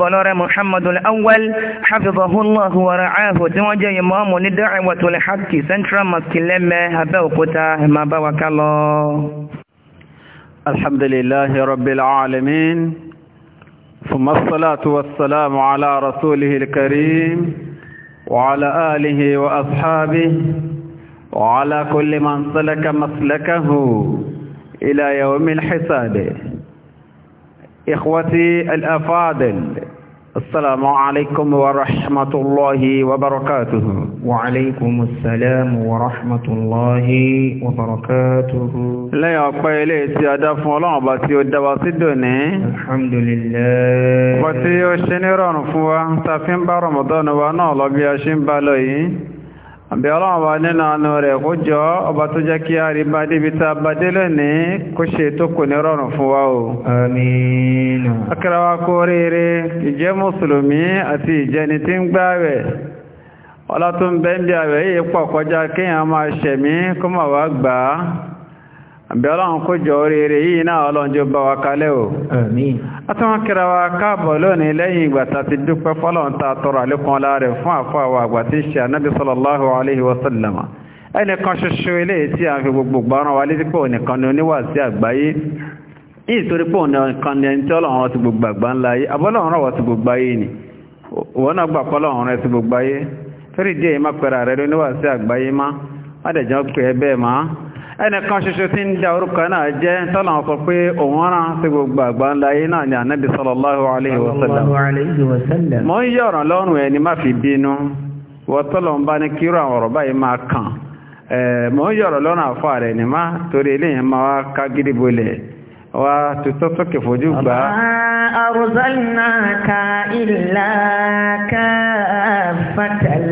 بلاره محمد الأول حفظه الله ورعاه توجه إمام الدعوة الحق سنترا مسكلمة هبوكتا ما بوك الله الحمد لله رب العالمين ثم الصلاة والسلام على رسوله الكريم وعلى آله وأصحابه وعلى كل من سلك مسلكه إلى يوم الحساب إخوتي الأفاضل السلام عليكم ورحمة الله وبركاته وعليكم السلام ورحمة الله وبركاته لا يقبل إليه سيادة فولان باتي ودوا سيدوني الحمد لله باتي وشنيران فوا سافين برمضان وانا لبيا بالوين àbí ọlọ́run wa nínú àánú rẹ̀ kó jọ ọba tó jẹ́ kí a rí bá débi tá a bá délé ní kó ṣe tó kò ní rọrùn fún wa o. àmín. akẹ́rẹ́wà kó rere ìjẹ́ mùsùlùmí àti ìjẹni tí ń gbààwẹ̀ ọlá tó ń bẹ́ẹ̀ bí àwẹ̀ yìí pọ̀ kọjá kéèyàn máa ṣẹ̀mí kó máa wá gbà á àbẹ̀ọ́lọ́run kó jọ oríire yìí náà ọlọ́njọ́ bá wa kalẹ̀ o. àmín. àtàwọn kẹra wa káàbọ̀ lónìí lẹ́yìn ìgbà tá dúpẹ́ fọ́lọ́run tá tọrọ àlékún ọlá rẹ̀ fún àfọ́ àgbà tí ṣe ànábì sallallahu alaihi wasallama. sallam ẹnìkan ṣoṣo eléyìí tí a fi gbogbo gbọ́ràn wa létí pé ònìkan ni oníwàásí àgbáyé yìí torí pé ònìkan ni ẹni tí ọlọ́run ti gbogbo àgbà ńlá yìí abọ́lọ́run rọ̀ wọ́n ti ẹnìkan ṣoṣo tí ń da orúkọ náà jẹ́ tọ́lá sọ pé òun rán sí gbogbo àgbà ńlá yìí náà ni ànábì sallallahu alaihi wasallam mọ́ ń yọ̀ràn lọ́rùn ẹni má fi bínú wọ́tọ́lọ̀ ń bá ní kírò àwọn ọ̀rọ̀ báyìí máa kàn mọ́ ń yọ̀rọ̀ lọ́rùn àfọ́ rẹ̀ ní má torí eléyìí máa wá ká gírí bolẹ̀ wá tutọ́ sókè fojú gbà á. arsalnaka illa kaffatan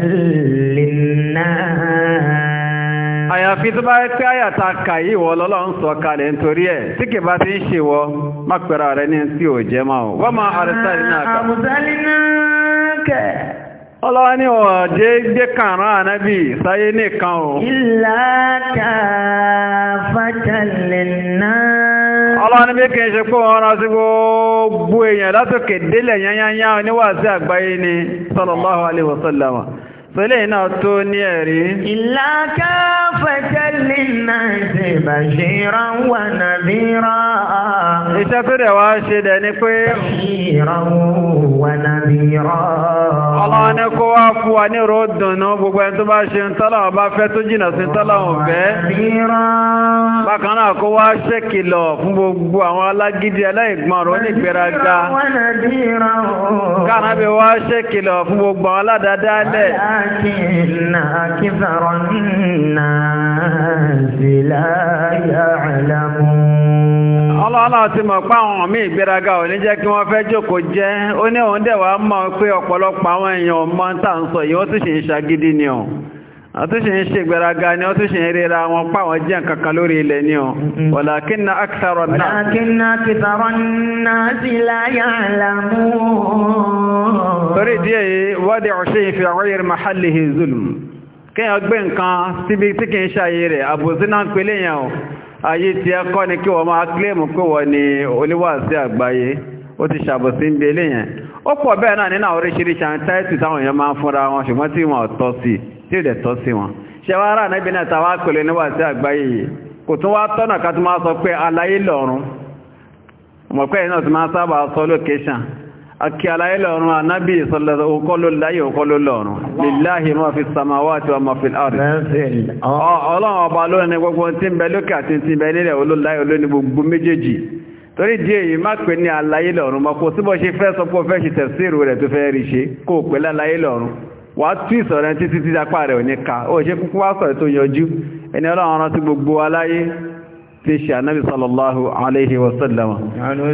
linnas àfi tó bá rí pé àyàtà kàyí ìwọ lọ́lọ́run sọ kalẹ̀ nítorí ẹ̀ tí kì bá ti ń ṣe wọ má pẹ̀rọ rẹ ní tí ò jẹ́ máa ò wọ́n máa àrẹ́sàlì náà kà. àrẹ́sàlì náà kẹ̀. ọlọ́wọ́ ní ọ̀dẹ́ gbé kàrán ànábì sáyé nìkan o. ìlà kàfàtàlẹ̀ náà. ọlọ́wọ́ ní bí kì í ṣe pé wọ́n rán sí gbogbo èèyàn látòkè délẹ̀ yányányá oníwàásí àgbáyé ni sallallahu alaihi Fẹ́lẹ̀ náà tó ní ẹ̀rí. Ìlàkà fẹ̀tẹ̀ lin-nasi bashiran wa nadhira. Iṣẹ́ tó dẹ̀ wá ṣe dẹ̀ ni pé. Bashiran wa nadhira. Ọlọ́run ní kó wá fún wa ní ro dùnú gbogbo ẹni tó bá ṣe ń tọ́lá ọba fẹ́ tó jìnà sí tọ́lá òun fẹ́. kó wá ṣèkìlọ̀ fún gbogbo àwọn alágídí aláìgbọ̀nrún onígbéraga. الناس لا يعلمون ọlọ́ọ̀lọ́ ti mọ̀ pé àwọn míì ìgbéraga ò ní jẹ́ kí wọ́n fẹ́ jókòó jẹ́ ó ní òun dẹ̀ wá mọ̀ pé ọ̀pọ̀lọpọ̀ àwọn èèyàn ọmọ ń tà ń sọ yìí ó tún ṣe ń ṣagídí ni ọ̀ ó tún ṣe ń ṣe ìgbéraga ni ó tún ṣe ń ríra wọn pa àwọn jẹ́ kankan lórí ilẹ̀ ni ọ̀ walakinna akthara náà. walakinna akthara náà sì la ya'lamun. torí díẹ̀ yìí kéèyàn gbé nǹkan síbi tí kìí ṣàyè rẹ̀ àbòsí náà ń pelé o ayé tí ẹ kọ́ ni kí wọ́n máa kílèmù pé wọ́n ni oníwàásí àgbáyé ó ti ṣàbòsí ń belé yẹn ó pọ̀ bẹ́ẹ̀ náà nínú àwọn oríṣiríṣi àwọn táìtì táwọn èèyàn máa ń fúnra wọn ṣùgbọ́n tí tọ́ sí tí ò dẹ̀ tọ́ sí wọn ṣe wá rà níbi náà àgbáyé yìí kò tún akí aláìlọ́run anábì ìsọ̀lẹ̀dọ̀ òkọlò láyé òkọlò lọ́run lèláhì máa fi samawati wa máa fi àrẹ̀ ọlọ́run ọba lónìí gbogbo tí ń bẹ lókè àti tí ń bẹ nílẹ̀ olóláyé olóní gbogbo méjèèjì torí di èyí má pè ní aláìlọ́run mọ́ kò síbọ̀ ṣe fẹ́ sọ pé fẹ́ ṣe tẹ̀síìrù rẹ̀ tó fẹ́ rí ṣe kó o pè láláìlọ́run tí ṣe ànábì sallallahu alaihi wasallam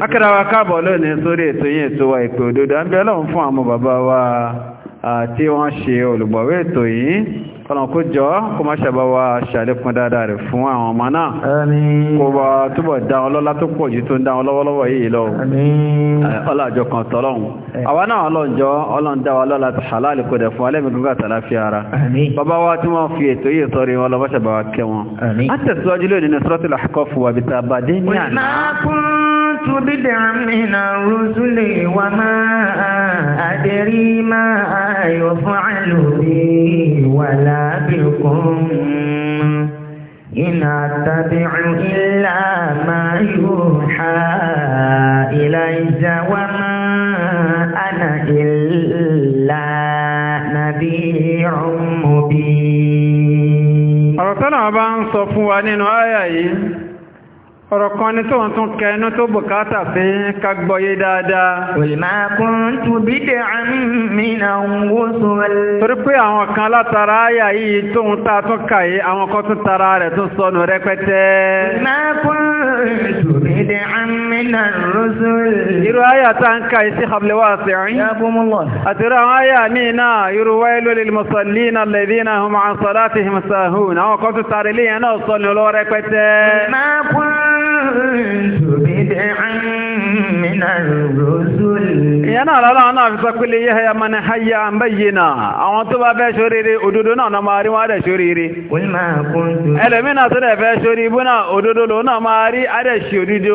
akẹ́dàwà káàbọ̀ lónìí sórí ètò yìí ètò wa ìpè òdodo ń bẹ Ọlọ́run fún àwọn bàbá wa tí wọ́n ṣe olùgbọ̀wé ètò yìí kọ̀nàkó jọ kó má ṣàbá wa ṣàlékún dáadáa rẹ̀ fún àwọn ọmọ náà kó bá túbọ̀ dá wọn lọ́lá tó pọ̀ jù tó ń dá wọn lọ́wọ́lọ́wọ́ yìí lọ ọlọ́jọ kan tọ́lọ́hun àwa náà ọlọ́njọ́ ọlọ́ndá wa lọ́lá tó halal dẹ̀ fún alẹ́mí gúgà tàlàfíà ara bàbá wa tí wọ́n fi ètò yìí sọ́rí wọn lọ́wọ́ ṣàbá wa kẹ́ wọn tẹ̀síwájú lónìí ní sọ́tìlá kọ́fù wàbí tàbádé ní àná تبدع من الرسل وما أدري ما يفعل بي ولا بكم إن أتبع إلا ما يوحى إلي وما أنا إلا نذير مبين. ọ̀rọ̀ tọ́nà bá ń sọ fún wa nínú àyà yìí ọ̀rọ̀ kan ní tó ń tún kẹnu tó bùkátà sí kagbọ́yé dáadáa. olùmọ̀kún tún bí dẹ̀ àmìnà owó sọ́wọ́lẹ̀. torí pé àwọn kan látara àyà yìí tó ń ta tún kàyé àwọn kan tún tara rẹ̀ tún sọnù rẹpẹtẹ. olùmọ̀kún tún bí dẹ̀ àmìnà rọ́sọ̀lẹ̀. ń ka sí hablẹ̀wá sẹ́yìn. àyà míì náà irú wáyé lórí كنت بدعا من الرسل ìyẹn náà lọ́la náà fi sọ pé lè yíha ẹmọ ni hayya ń báyìí náà àwọn tó bá fẹ́ ṣoríire òdodo náà náà máa rí wọ́n rẹ̀ ṣoríire ẹlòmínà tó rẹ̀ fẹ́ ṣorí ibú náà òdodo náà máa rí adẹ̀ṣì òdodo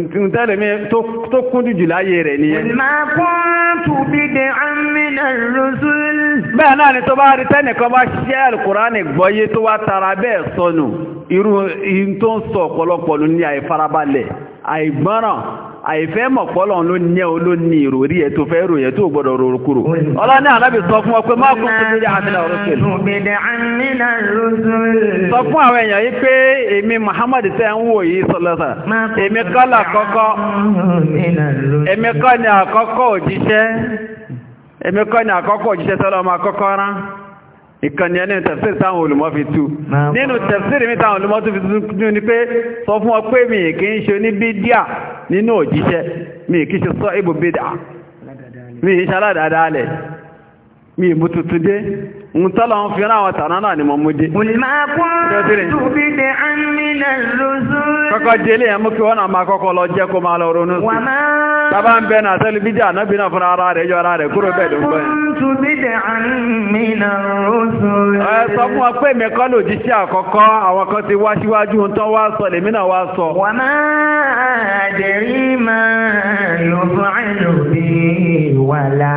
ntẹ́lẹ̀mí tó kún jùjù láyé rẹ̀ ni ẹni. ma kuntu bid'an min ar-rusul. bẹ́ẹ̀ náà ni tó bá rí tẹ́nìkan bá ṣiṣẹ́ Al-Qur'ani gbọ́yé tó wá tara bẹ́ẹ̀ sọnù irú tó ń sọ ọ̀pọ̀lọpọ̀ ní àìfarabalẹ̀ àìgbọ́ràn àìfẹ́ mọ̀pọ́lọ̀ ló ní ẹ olóní ìròrí ẹ̀ tó fẹ́ ròyẹ̀ tó gbọ́dọ̀ rorò kúrò ọlọ́ní àlábì sọ fún ọ pé kún tó lórí àmìnà sọ fún àwọn èèyàn yìí pé èmi Muhammad tẹ́ ń wò yìí sọlọ́sà èmi kọ́ èmi ni àkọ́kọ́ òjíṣẹ́ èmi ni àkọ́kọ́ òjíṣẹ́ àkọ́kọ́ ìkànnì ẹni tẹ̀fẹ́sì táwọn olùmọ́ fi tú nínú tẹ̀fẹ́sì mi táwọn olùmọ́ tó fi tú ní pé sọ fún ọ pé mi kì í ṣe ní bídíà nínú òjíṣẹ́ mi kì í ṣe sọ ibò bídà mi kì í ṣe aládàádáalẹ̀ mi mú tuntun dé ntọ́lọ̀ ń fira àwọn tàná náà ni mo mú dé. olùmọ̀ kún tóbi dé àmìnà lóṣù. kọ́kọ́ jẹ́lé yẹn mú kí wọ́n náà máa kọ́kọ́ lọ jẹ́ kó máa lọ ronú sí. wàmọ́. bàbá ń bẹ náà tẹ́lẹ̀ bíjà náà bí náà fúnra ara rẹ̀ yọ ara rẹ̀ kúrò bẹ́ẹ̀ ló ń bọ̀ yẹn. tóbi dé àmìnà lóṣù. ẹ sọ fún wa pé mi kọ́ ló jíṣẹ́ àkọ́kọ́ àwọn kan ti wá síwájú ń tán wá sọ lèmi náà wá sọ. wàmọ́ àdèrí máa lọ fún àìlòbí wàlá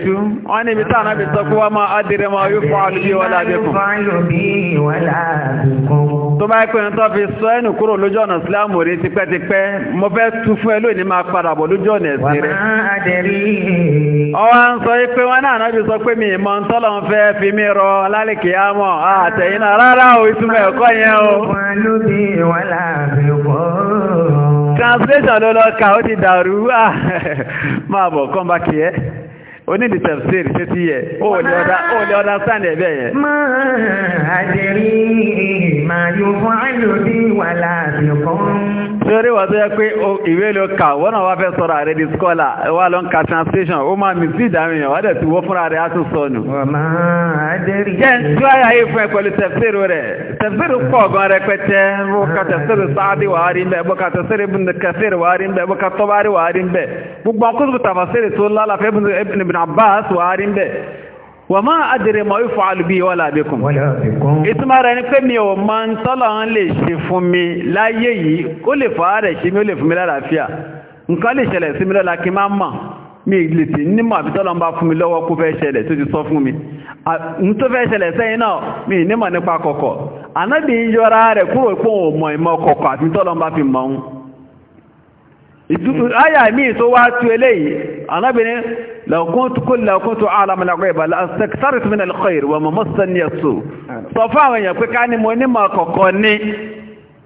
gbìyànjú wọ́n ní ibi tí ànábì sọ pé wọ́n máa adìrẹ máa yóò fún àlùbí wọ́n lábẹ́kùn tó bá pẹ́ ní tó fi sọ ẹnu kúrò lójú ọ̀nà Islam rí tipẹ́tipẹ́ mo fẹ́ tún fún ẹ lónìí máa padà bọ̀ lójú ọ̀nà ẹ̀sìn rẹ̀ ọwọ́ ń sọ pé wọ́n náà náà fi sọ mi ìmọ̀ ń tọ́lọ̀ o o translation ti onídìí tafsir ṣe ti yẹ ó lè ọ̀dá sáàdì ẹ̀bẹ̀ yẹn. máa àjẹrí máa yóò fún àìlòdì wà láàrin kan. sórí wọ́n tó yẹ pé ìwé ló kà wọ́n náà wá fẹ́ sọ̀rọ̀ ààrẹ di skọ́là wà ló ń ka translation ó máa mi sí ìdáhùn yẹn wọ́n dẹ̀ ti wọ́ fúnra rẹ̀ á tún sọnù. máa àjẹrí. jẹ́ tí wáyà yìí fún ẹ pẹ̀lú tafsir rẹ̀ tafsir pọ̀ gan rẹpẹtẹ bóka tafsir sáàdì wà á rí mbẹ́ bóka tafsir ibùn kẹfìr wà á rí mbẹ́ bóka tọ́bárì wà á rí mbẹ́ gbogbo akóso tafsir tó lálàfẹ́ ibùn ibn abbas wà á wa ma bẹ̀ ma máa adìrẹ mọ̀ ìfọ̀ wala wọ́lá àbíkùn ìtumà ni pe mi o ma ń tọ́lọ̀ ń lè ṣe mi láyé yìí ó lè fọ́ ààrẹ mi o le fun mi lálàáfíà nǹkan lè ṣẹlẹ̀ sí mi lọ́la kí máa ma mi lè tí nímọ̀ àbí mi ti mi n mi fi tó wá tú eléyìí لو كنت كل لو كنت أعلم الغيب لاستكثرت من الخير وما مسني السوء صفا وين يقول موني ما كوكوني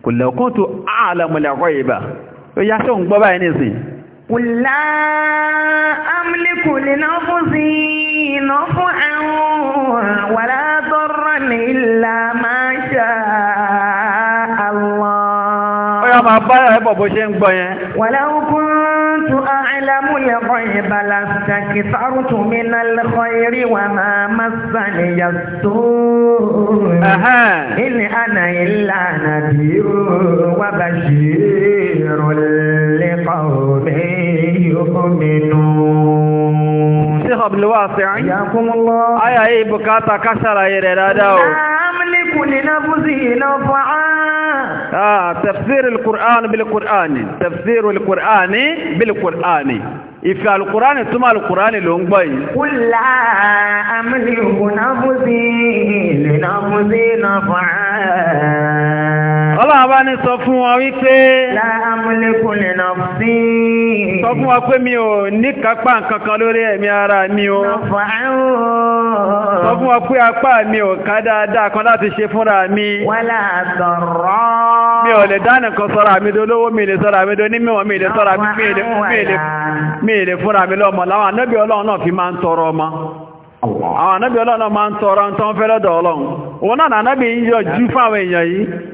كل لو كنت أعلم الغيب ويا شو بابا نسي قل لا أملك لنفسي نفعا ولا ضرا إلا ما شاء الله. ويا ما بابا بوشين بوين. ولو كنت كنت أعلم الغيب لاستكثرت من الخير وما مسني السوء أها. إن أنا إلا نذير وبشير لقوم يؤمنون شيخ عبد الواسع حياكم الله أي أي بكاتا كسر أي راداو لا أملك لنفسي نفعا آه، تفسير القرآن بالقرآن تفسير القرآن بالقرآن إذا القرآن ثم القرآن لونباي قل لا أملك نفسي لنفسي نفعا Ọlọ́run bá ní sọ fún wọn wípé láàmúlékún lè nà sí sọ fún wọn pé mi ò ní kápá nǹkankan lórí ẹ̀mí ara mi o sọ fún wọn pé apá mi ò ká dáadáa kan láti ṣe fúnra mi wálà sọ̀rọ̀ mi ò lè dánì kan sọ́ra mi dolówó mi lè sọ́ra mi do ní mímọ̀ mi lè sọ́ra mi lè fúnra mi lọ́mọ láwọn anábì Ọlọ́run náà fi máa ń tọrọ ọmọ àwọn anábì Ọlọ́run náà máa ń tọrọ ń tán fẹ́lẹ́dọ̀ Ọlọ́run òun náà anábì yíyọ jú fáwọn èèyàn yìí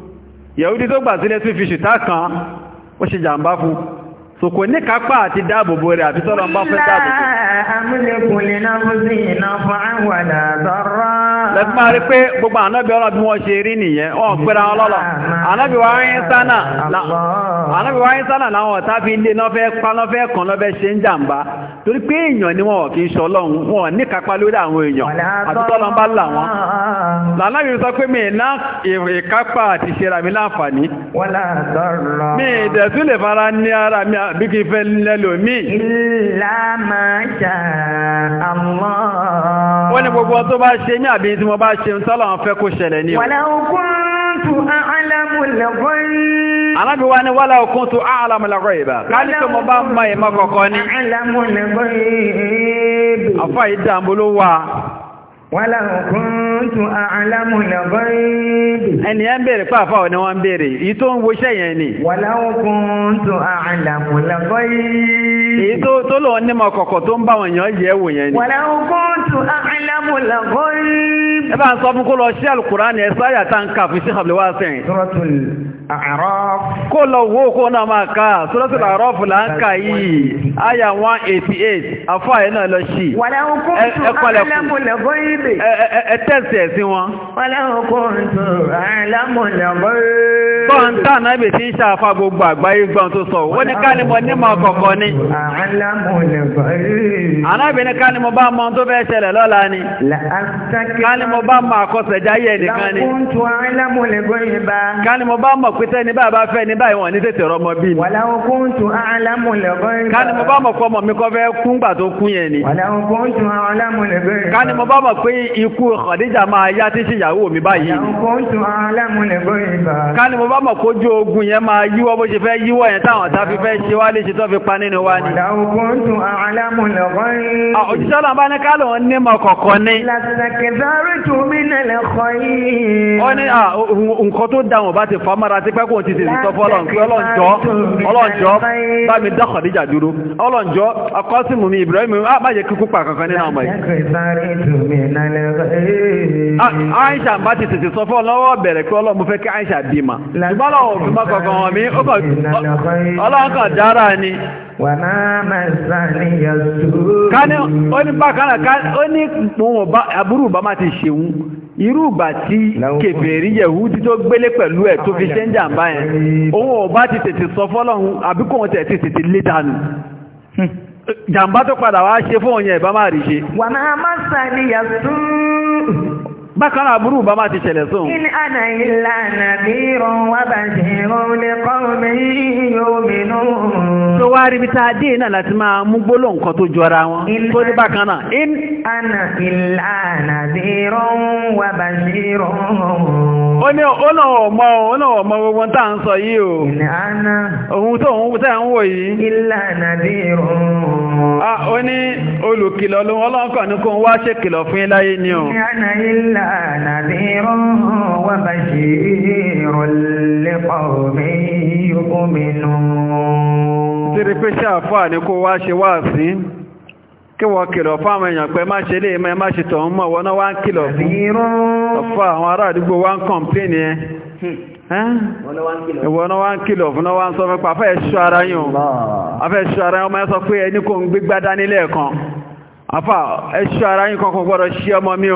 yẹ̀údí tó gbà sílẹ̀ sí fìṣì tákan ó ṣe jàǹbá fún so kò ní kápá àti dáàbòbò rẹ̀ àfi tọ́lọ ń bá fẹ́ dáàbòbò amúlẹ̀kùn lè náà fún sí iná fún àwàdà tọrọ. lẹ́tí máa rí pé gbogbo ànábì ọlọ́ bí wọ́n ṣe rí nìyẹn wọ́n pẹ́ra ọlọ́lọ́ ànábì wa ń sánà ànábì wa ń sánà làwọn ọ̀tá fi lé náà fẹ́ pa náà fẹ́ kàn náà fẹ́ ṣe ń jàǹbá torí pé èèyàn ni wọn ò kì í ṣe ọlọ́run wọn ò ní kápá lórí àwọn èèyàn àti tọ́lọ́ ń bá là wọn. lànàbì sọ pé mi ná ìkápá àti ìṣera mi láǹfààní. mi ìdẹ̀tún lè fara ní ara mi àbí kí n fẹ́ lẹ́lòmíì. ìlànà Allah. الله wọ́n ní gbogbo tó bá ṣe ní àbí tí mo bá ṣe ń sọ́lọ̀ ń fẹ́ kó ṣẹlẹ̀ ní o. wàlá òkun tó àlàmù lọ́gọ́ yìí. alábi wa ni wàlá òkun tó àlàmù lọ́gọ́ yìí ẹni ẹ ń bèèrè pàápàá ọ̀ ni wọ́n ń bèèrè èyí tó ń woṣẹ́ yẹn ni. walau kuntu a'lamu laghaib. èyí tó lọ́ọ́ nímọ̀ kọ̀kọ̀ tó ń bá wọn yàn yẹ̀ wò yẹn ni. walau kuntu a'lamu alámùlà gọ́rí. ẹ bá ń sọ fún kó lọ sí alukura ni ẹsẹ àyà ń kà fún sí àbúlẹ̀wá A'raf. kó lọ wo kó náà máa ká Suratul A'raf là ń kà yìí àyà one eighty eight afọ àyè náà lọ sí. wàlá okun tún alámùlà gọ́rí bè. ẹ tẹ̀sí ẹ̀ sí wọn. wàlá okun tún alámùlà gọ́rí. bọ́n tán náà ibè tí ń ṣàfà gbogbo àgbáyé wọ́n ní ká ní ni. Káni mo bá mọ àkọsẹ̀já yẹ nìkan ni. Káni mo bá mọ̀ pé sẹ́ni bá bá fẹ́ ni báyìí wọ̀n ní tètè rọmọ bí ni. Káni mo bá mọ̀ pé ọmọ mi kọ́ fẹ́ kún gbà tó kún yẹn ni. Káni mo bá mọ̀ pé ikú Khadija máa yá tí sí ìyàwó mi báyìí. Káni mo bá mọ̀ pé ogun yẹn máa yíwọ́ bó ṣe fẹ́ yíwọ́ yẹn táwọn tá fẹ́ ṣe wá lè ṣe tó fi pa nínú wa ni. Òjíṣẹ́ ọkọ ní. làtàkẹ̀dárì tó mí nílẹ̀ kọ yìí. ó ní nǹkan tó dá wọn ti fa mara ti pẹ́ kó ti tètè sọ fún ọlọ́run ọlọ́njọ́ ọlọ́njọ́ bá mi dúró ọlọ́njọ́ ọkọ mi Ibrahim á má yẹ kíkú pa kankan nínú ọmọ yìí. Aisha bá ti tètè sọ fún ọlọ́wọ́ bẹ̀rẹ̀ pé ọlọ́run fẹ́ kí Aisha bí ma. ṣùgbọ́n ọlọ́run kan dára ni. wàmá màsàn ni yasuru. ká ní ó ní bákan àbúrú bá má ti ṣeun irú ìgbà tí kèfèrí Yẹhudi tó gbélé pẹ̀lú ẹ̀ tó fi ṣe ń jàǹbá yẹn òun ò bá ti tètè sọ fọ́lọ́hun àbí tẹ̀ ti tètè lé dànù jàǹbá tó padà wá ṣe fún òun yẹn rí ṣe bákanáà burú bá máa ti ṣẹlẹ̀ sóhun. in ana illa nadhirun wa bashirun liqawmin yu'minun. tó wá rí bí tá a dé náà láti máa mú gbóló nǹkan tó jọra wọn. tó ní bákanáà. in ana illa nadhirun wa bashirun ó ní ọlọ́ọ̀mọ́ ọlọ́ọ̀mọ́ gbogbo tá ń sọ yìí o ìlànà ohun tó ń tẹ́ ń wò yìí ìlànà bí irun ó ní olùkìlọ̀ ló ọlọ́ọ̀kọ̀ ní kó ń wá ṣe kìlọ̀ fún iláyé ni o ìlànà bí irun wà bá ṣe kí wọ́n kìlọ̀ fún àwọn èèyàn pé má ṣe lè mẹ́ má ṣe tọ̀hún mọ̀ wọ́n wá ń kìlọ̀ fún àwọn ará àdúgbò wá ń kọ̀m̀pléènì ẹ ìwọ̀n wá ń kìlọ̀ fún wá ń sọ fún ara yìí afẹ́ ara yìí sọ pé ẹni kò ń gbígbá dání lẹ́ẹ̀kan ara yìí kankan gbọ́dọ̀ ṣí ọmọ mi o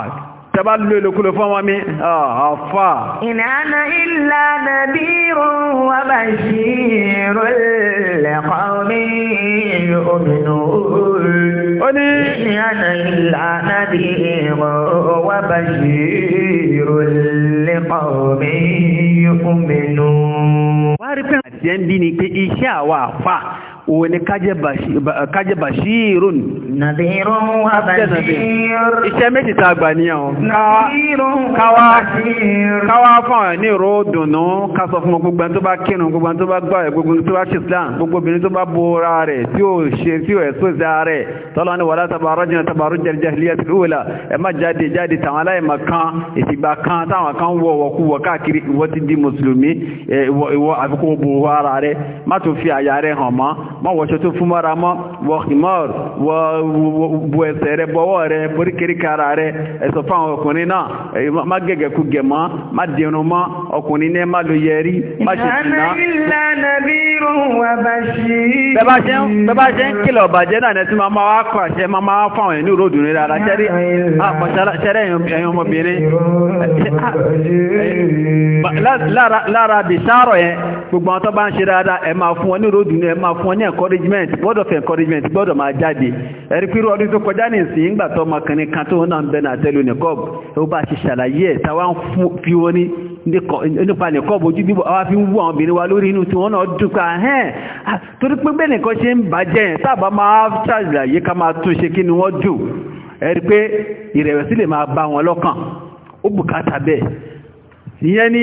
ọmọ tẹbá lò ìlòkulò fún ọmọ mi àfà. in ana illa nadhirun wa bashirun liqawmin ó ní. in ana illa nadhirun wa bashirun liqawmin yu'minun. wá àti ẹ̀ ń bí ni pé iṣẹ́ àwa àfà òun ni kájẹ́ bàṣírùn iṣẹ́ méjì ta gbà ní ọ̀n káwá fún ẹ̀ ní ìró dùnú ká sọ fún gbogbo tó bá kírun gbogbo tó bá gbà gbogbo tó bá ṣìslam gbogbo obìnrin tó bá bóra rẹ̀ tí ó ṣe tí ó ẹ̀sọ́ ìzá rẹ̀ tọ́lá ní wàlá tabarọ́jìnà tabarọ́jìnà jahiliyatul ula ẹ má jáde jáde má wọṣọ tó fún mọ́ra mọ́ wọ ìmọ́r wọ bu ẹsẹ̀ rẹ bọwọ́ rẹ boríkèríkara rẹ ẹ̀sọ̀ fáwọn ọkùnrin náà má gẹ̀gẹ̀ kú gẹ̀ mọ́ má dẹrun mọ́ ọkùnrin náà má lo yẹrí má ṣe jìnnà. bẹ́ẹ̀ bá ṣe yẹn gbogbo àwọn tó bá ń ṣe dáadáa ẹ̀ máa fún ọ ní ròdù ẹ̀ máa fún ọ ní encouragement word of encouragement gbọ́dọ̀ máa jáde ẹ̀rí pírú ọdún tó kọjá si ńgbà to ọmọkùnrin kan tó náà ń bẹ náà tẹ́lu nìkọ́ọ̀bù ó bá ṣe ṣàlàyé ẹ̀ táwa ń fi wọn ní nípa nìkọ́ọ̀bù ojú bíbọ̀ àwa fi ń wú àwọn obìnrin wa lórí inú tí wọ́n náà dúkà hẹ́n torí pé bẹ́ẹ̀ nìkan ṣe ń bàjẹ́ yẹn sábà máa ṣàlàyé ká máa tún ṣe kí ni wọ́n dù ẹ̀rí pé ìrẹ̀wẹ̀sì lè máa bá wọn lọ́kàn ó bùkátà bẹ́ẹ̀ ìyẹn ni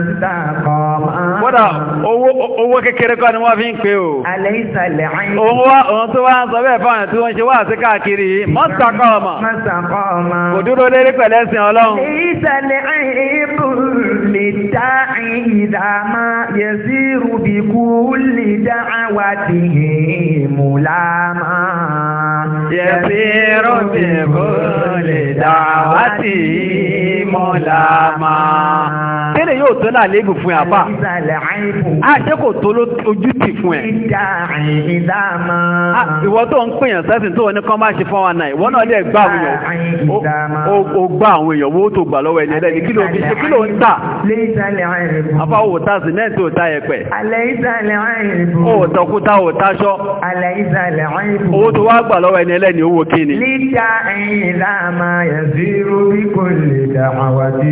Kódà owó kékeré kọ́ ni wọ́n fi ń pè o. Òun tó wá ń sọ bẹ́ẹ̀ fáwọn tí wọ́n ṣe wá sí káàkiri yìí, mọ́sàkọ́ ọmọ. Kò dúró lérí pẹ̀lẹ́sìn Ọlọ́run. Èyí sàlẹ̀ àìyí بكل داع إذا ما يسير بكل دعوته ملاما يسير بكل دعوته ملاما tẹ́lẹ̀ yóò tó náà léegun fún àbá àṣẹ kò tó lójútì fún ẹ̀ ìwọ tó ń pèèyàn sẹ́sìn tó wọn ní kán bá ṣe fún wa náà ìwọ náà lè gbà àwọn èèyàn ó gbà àwọn èèyàn wó tó gbà lọ́wọ́ ẹni ẹlẹ́ni kí ló ń òtà. Léìsàlẹ̀ àìrìbò. Afá òtà sìmẹ́ntì òtà ẹ̀pẹ̀. Àlẹ́ìsàlẹ̀ àìrìbò. Òtọ̀kúta òtáṣọ́. Àlẹ́ìsàlẹ̀ àìrìbò. Owó tó wá gbà lọ́wọ́ ẹni ẹlẹ́ni owó kí ni. Líta ẹyin láàmà yẹ̀sírú bí kò lè dàmà wà sí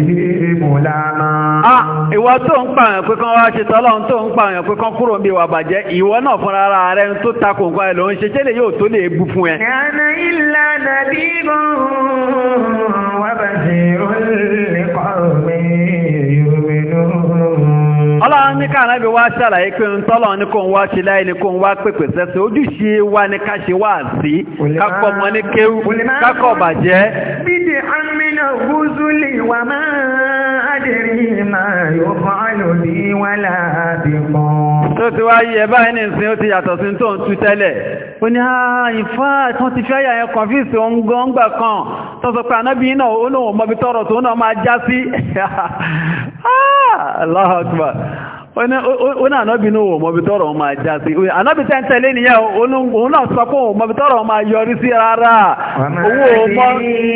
ìmú láàmà. À ìwọ tó ń pààyàn pé kán wá ṣe tọ́lọ́run tó ń pààyàn pé kán kúrò ń bí wà bàjẹ́ ìwọ náà fúnra ara rẹ ń tó takò nǹkan ẹ̀ ló ń ṣe tẹ́lẹ̀ yóò tó lè bu fún ẹ. Yàrá ìlànà bí mo wà bàjẹ́ òun. ọlọ́run ní káàrán ibi wá ṣàlàyé pé ń tọ́lọ̀ ní kò ń wá ṣe láì ní kò ń wá pèpè sẹ́sẹ̀ ojúṣe wa ní ká ṣe wá sí kákọ́ ọmọ ní kéwú kákọ́ bàjẹ́. bídè amínà gúúsù lè wà máa adìrí máa yóò fọ́ọ̀lù bí wọ́n láàbí kan. Tó ti wá yí ẹbá ẹni ìsìn ó ti yàtọ̀ sí tó ń tú tẹ́lẹ̀. Ó ní ààyìn fáà tí ó ní ànábì ní òun mọ̀bí tọ́rọ̀ máa já sí ànábì tẹ́ ń tẹ́lé nìyẹn òun náà sọ fún òun mọ̀bí tọ́rọ̀ máa yọrí sí rárá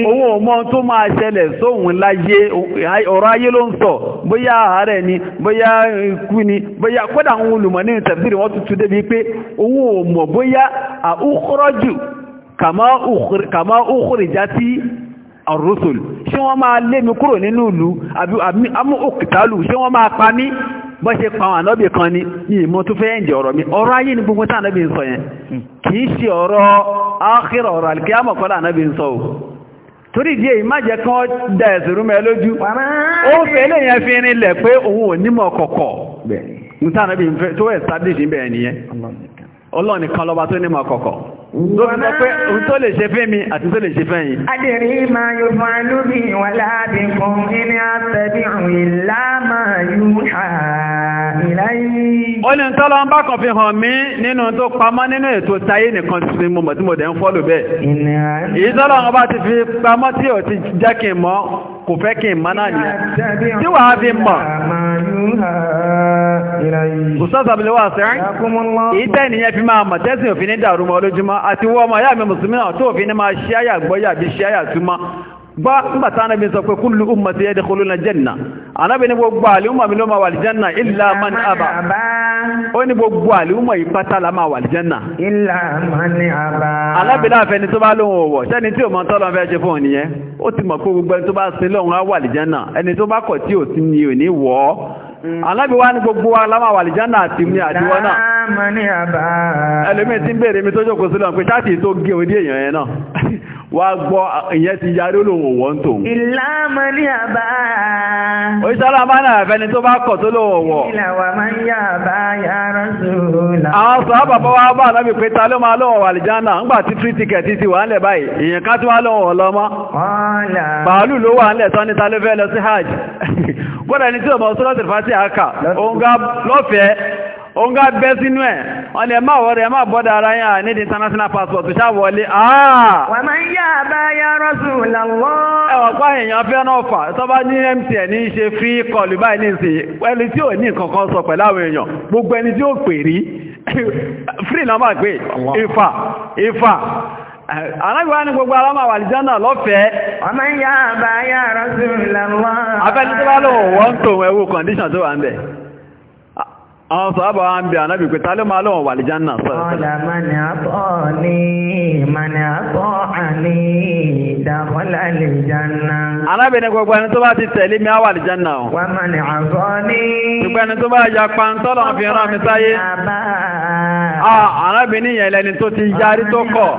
owó ọmọ tó máa ṣẹlẹ̀ sóhun láyé ọ̀rọ̀ ayé ló ń sọ bóyá àárẹ̀ ni bóyá ikú ni bóyá kódà àwọn olùmọ̀ ní tafsiri wọ́n tuntun débi pé owó ọmọ bóyá àúkọ́rọ́jù kàmá òkúrìjá tí ar-rusul ṣé wọ́n máa lé mi kúrò nínú ìlú àbí amú òkìtálù ṣé wọ́n máa pa mí bọ́ ṣe pa àwọn ànábì kan ní ìmọ̀ tó fẹ́ ẹ̀jẹ̀ ọ̀rọ̀ mi ọ̀rọ̀ ayé ni gbogbo tí ànábì ń sọ yẹn kì í ṣe ọ̀rọ̀ ákírà ọ̀rọ̀ àlìkíyàmọ̀ kọ́lá ànábì ń sọ o torí ìdí èyí má jẹ́ kán da ẹ̀sùn rúmẹ lójú ó fẹ́ ọlọ́run nìkan lọ́ba tó nímọ̀ kọ̀kọ̀ tó fi sọ pé òun tó lè ṣe fẹ́ mi àti tó lè ṣe fẹ́ yìí. adèrè máa yọ fún alóbì wà láàbì fún kíní àtẹ̀bí ìlà máa yú ha ìláyé. ó ní tọ́lọ ń bá kan fi hàn mí nínú tó pamọ́ nínú ètò táyé nìkan sí mo mọ̀ tí mo dẹ̀ ń fọ́lò bẹ́ẹ̀. èyí tọ́lọ ọba ti fi pamọ́ tí ò ti jẹ́ kí n mọ̀ kò fẹ́ kí n mọ̀ náà nìyẹn. tí wàá fi mọ̀. Ustaz Abdul Wasi'i ìtẹ́ ènìyàn fi máa mọ̀ tẹ́sìn òfin ní dàrúmọ̀ olójúmọ́ àti wọ́n ọmọ ayá mi mùsùlùmí náà tó òfin ní máa ṣe àyà gbọ́yà bí ṣe àyà túmọ̀ gbá ńgbà tá anábi illa man aba ó ní gbogbo àlúmọ̀ la máa wà illa man aba anábi náà fẹ́ni tó bá lóhun ọ̀wọ̀ sẹ́ni tí ò mọ́ tọ́lọ́ fẹ́ ṣe fún òníyẹn ó ti mọ̀ pé gbogbo ẹni ni ò alábi wá ní gbogbo wa lámà wà lìjánà àti mi àdíwọ́ náà ẹlòmí tí ń bèèrè mi tó jókòó sílọ̀ pé táàtì tó gé òdí èèyàn yẹn náà wá gbọ́ ìyẹn ti yarí olóhùn òwọ́n tó. ìlàmọ́ ní àbá. oṣìṣẹ́lá máa ń àfẹni tó bá kọ̀ tó lóhùn ọ̀wọ̀. ìlàwà máa ń yà bá yàrá sùúrù. àwọn sọ bàbá wa bá àná mi pé ta ló máa lóhùn àlìjáná ńgbà tí free ticket ti wà ńlẹ̀ báyìí èèyàn ká o gá bẹ́ sínú ẹ̀ wọ́n ni ma máa wọ́rẹ̀ ma ara ya ní international passport ṣá wọlé àà ah! ya Rasulullah ẹwà pa eyan fẹ́ náà fà tó bá MTN ní ṣe fi kọlù báyìí ní ìsìn sọ gbogbo eni tí o pè free eh, gbogbo ara máa wà Ọmọ ìyá àbáyá lóòwọ́ ń ẹwú kọ̀ndíṣàn tó àwọn sọ́bà wa ń bí ànábì pé tálé máa lọ́wọ́ wà lè jẹ́ náà sọ́rọ̀ ọ̀là mani àpọ̀ ní mani àpọ̀ àní ìdàkọ́lá lè jẹ́ náà ànábì ní gbogbo ẹni tó ti tẹ̀lé mi á wà lè jẹ́ náà wà mani àpọ̀ ní gbogbo ẹni tó bá ya pàǹtọ́lọ̀ fi ràn mí sáyé ànábì ní ìyẹn lẹni tó ti yarí tó kọ̀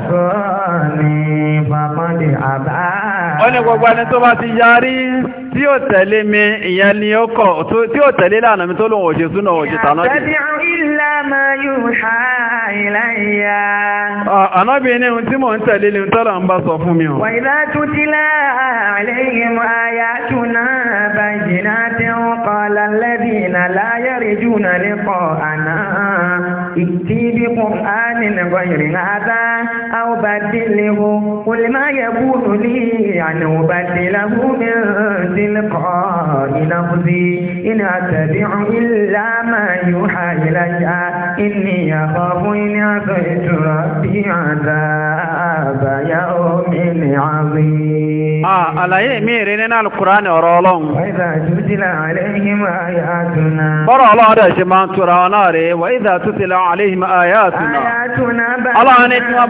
ó ní gbogbo ẹni tó bá ti yarí tí ó tẹ̀lé mi ìyẹn ni ó kọ̀ tí ó tẹ̀lé lánàá mi tó lóun òṣèṣúná òṣèṣàná نتبع إلا ما يوحى ilayya. Ah, Ànábìnrin ohun tí mò ń tẹ̀lé ni tọ́lọ̀ ń bá sọ fún mi o. Wa idha tutila alayhim ayatuna bayyinatin qala alladhina la yarjuna liqa'ana ائتِ بقرآن غير هذا أو بدله قل ما يكون لي أن أبدله من تلقاء نفسي إن أتبع عبيت ربي عذاب يوم عظيم ah, àlàyé mi rí nínú alukùránì ọ̀rọ̀ ọlọ́run. wàídà tútìlà àléhìm àyàtùnà. bọ́rọ̀ ọlọ́run rẹ̀ ṣe máa ń tura ọ̀nà rẹ̀ wàídà tútìlà àléhìm àyàtùnà. ọlọ́run ní tí wọ́n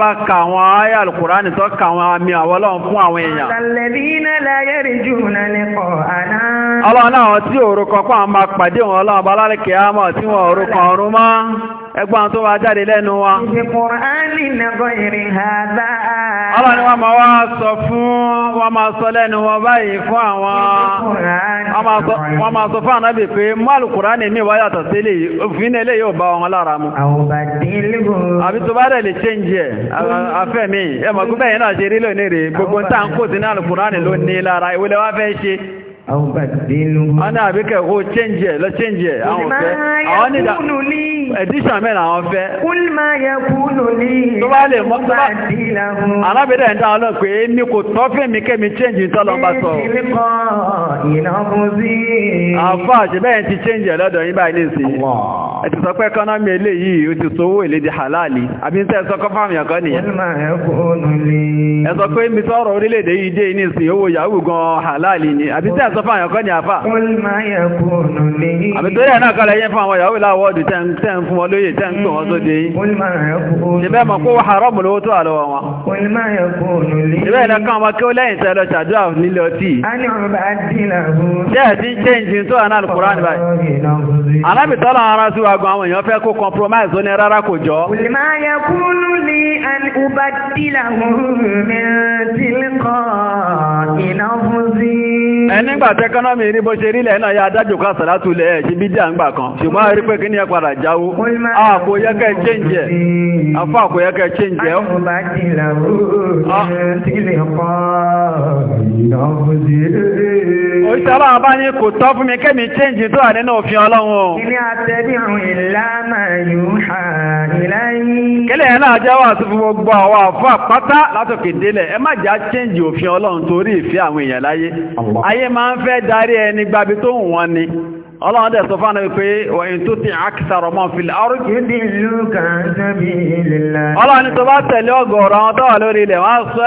bá ka àwọn ayé alukùránì tó ka àwọn àmì àwọn ọlọ́run fún àwọn èèyàn. sàlẹ̀bínà láyé rí jù nálẹ́kọ̀ àná. ọlọ́run náà tí òrukàn pàmò pàdé wọn ọlọ́run bá lálẹ́ kẹ́ ẹgbọ́n tó wá jáde lẹ́nu wa. Ọlọ́run ni wọ́n máa wá sọ fún wọ́n máa sọ lẹ́nu wọn báyìí fún àwọn wọ́n máa sọ fún ànábì pé mọ́ọ̀lù Kùránì ní ìwá yàtọ̀ sí ilé òfin ilé yóò bá wọn lára mu. Àbí tó bá rẹ̀ lè ṣe ń tà àwọn bá dínú. a ní change ẹ̀ lọ change ẹ̀ àwọn fẹ́. àwọn ní ìdá edition mẹ́rin àwọn fẹ́. kúlmà yẹ kúlò ní ìlú bá dínà. alábẹ́dẹ̀ ń dá ọlọ́ pé mi kò tọ́ fún mi change ń change ẹ̀ lọ́dọ̀ yín báyìí nìsí. ẹ ti sọ pé economy eléyìí o ti sọ ní. ẹ sọ fún àyànkọ́ ní àfà. àbítorí ẹ̀ náà kọ́lẹ̀ yẹn fún àwọn ìyàwó ìlàwọ́dù tẹ́ ń fún wọn lóyè tẹ́ ń pè wọ́n tó dé yín. ṣẹbẹ́ mọ̀ kó haramu lówó tó àlọ́wọ́ wọn. ṣẹbẹ́ ìlà kan wọn kí ó lẹ́yìn tẹ́ lọ ṣàdúrà nílé ọtí. ṣé ẹ̀ ti ń ṣéǹjì tó àná alukura ni sí ẹnigbàtẹ́ kọ́nọ́mì rí bó ṣe rílẹ̀ náà ya adájò ká sàlátù lẹ̀ ẹ̀ṣì bí díà ń gbà kan ṣùgbọ́n rí pé kí ní ẹ padà jáwó àkóyẹ́kẹ́ chẹ́ǹjẹ̀ afọ́ àkóyẹ́kẹ́ chẹ́ǹjẹ̀ ọ́ òṣìṣẹ́ bá ní kò tọ́ fún mi kẹ́mi chẹ́ǹjì tó wà nínú òfin ọlọ́run ìfẹ́ àwọn èèyàn láyé máa ń fẹ́ darí ẹni gbàbí tó ń wọn ni ọlọ́run dẹ̀ sọ fún àwọn pé wọ̀nyí tó ti àkìsàrọ̀ mọ́ fi lárúkú ọlọ́run tó bá tẹ̀lé ọgọ̀rọ̀ àwọn tọ́wà lórí ilẹ̀ wọ́n sọ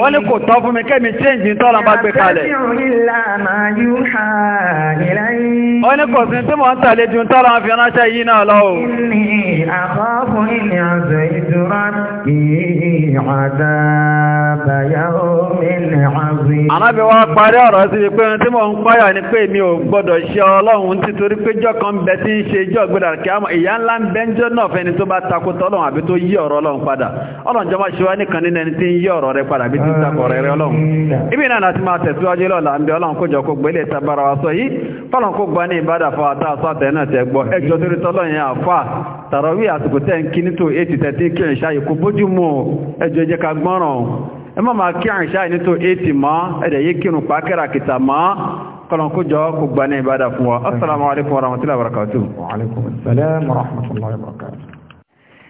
Wọ́n ní kò tọ́ fún mi kẹ́mi change ní tọ́lọ bá gbé kalẹ̀. Wọ́n ní kò sí tí mọ̀ ń tàlé jù tọ́lọ fi ránṣẹ́ yìí náà lọ o. Ànábì wá parí ọ̀rọ̀ sí pé tí mọ̀ ń páyà ní pé mi ò gbọ́dọ̀ ṣe Ọlọ́run títorí pé jọ́ kan bẹ tí ń ṣe jọ́ gbọ́dọ̀ kí tó yí ọ̀rọ̀ ọlọ́run padà ọlọ́run jọba ṣe wá nìkan nínú ẹni tí ń yí ọ̀rọ̀ rẹ padà bí tí ń takọ̀ rẹ rẹ ọlọ́run ibi náà láti máa tẹ̀síwájú lọ́la ń bẹ ọlọ́run kójọ kó gbélé tabara wa sọ yìí fọlọ́n kó gba ní ìbádà fún ata àṣọ àtẹ̀ náà tẹ̀ gbọ́ ẹjọ́ torí tọ́lọ́yìn àfà tàràwí àsìkò tẹ̀ ń kí nítò eighty thirteen kí ìṣá yìí kó bójú mu ẹjọ́ jẹ́ ká gbọ́ràn ẹ má máa kí ìṣá yìí nítò eighty mọ́ ẹ̀dẹ̀ yìí kírun pa kẹ́rakìtà mọ́ fọlọ́n kó jọ kó gba ní ìbádà fún wa asalaamualeykum wa rahmatulahi wa barakatu. wa aleykum salaam wa rahmatulahi wa barakatu.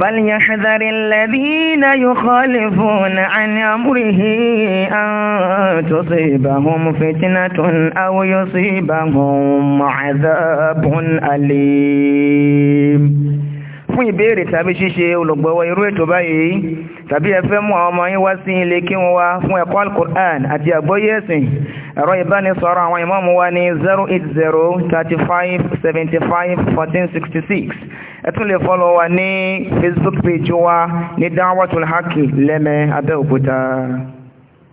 فليحذر الذين يخالفون عن أمره أن تصيبهم فتنة أو يصيبهم عذاب أليم fún ìbéèrè tàbí ṣíṣe olùgbọ̀wọ́ irú ètò báyìí tàbí ẹ fẹ́ mú àwọn ọmọ yín wá sí ilé kí wọ́n wá fún ẹ̀kọ́ alkùnrin àti àgbọ́yé ẹ̀sìn ẹ̀rọ ìbánisọ̀rọ̀ àwọn ìmáàmù wa ní 08035751466 ẹ tún lè fọ́lọ̀ wa ní Facebook page wa ní Da'watul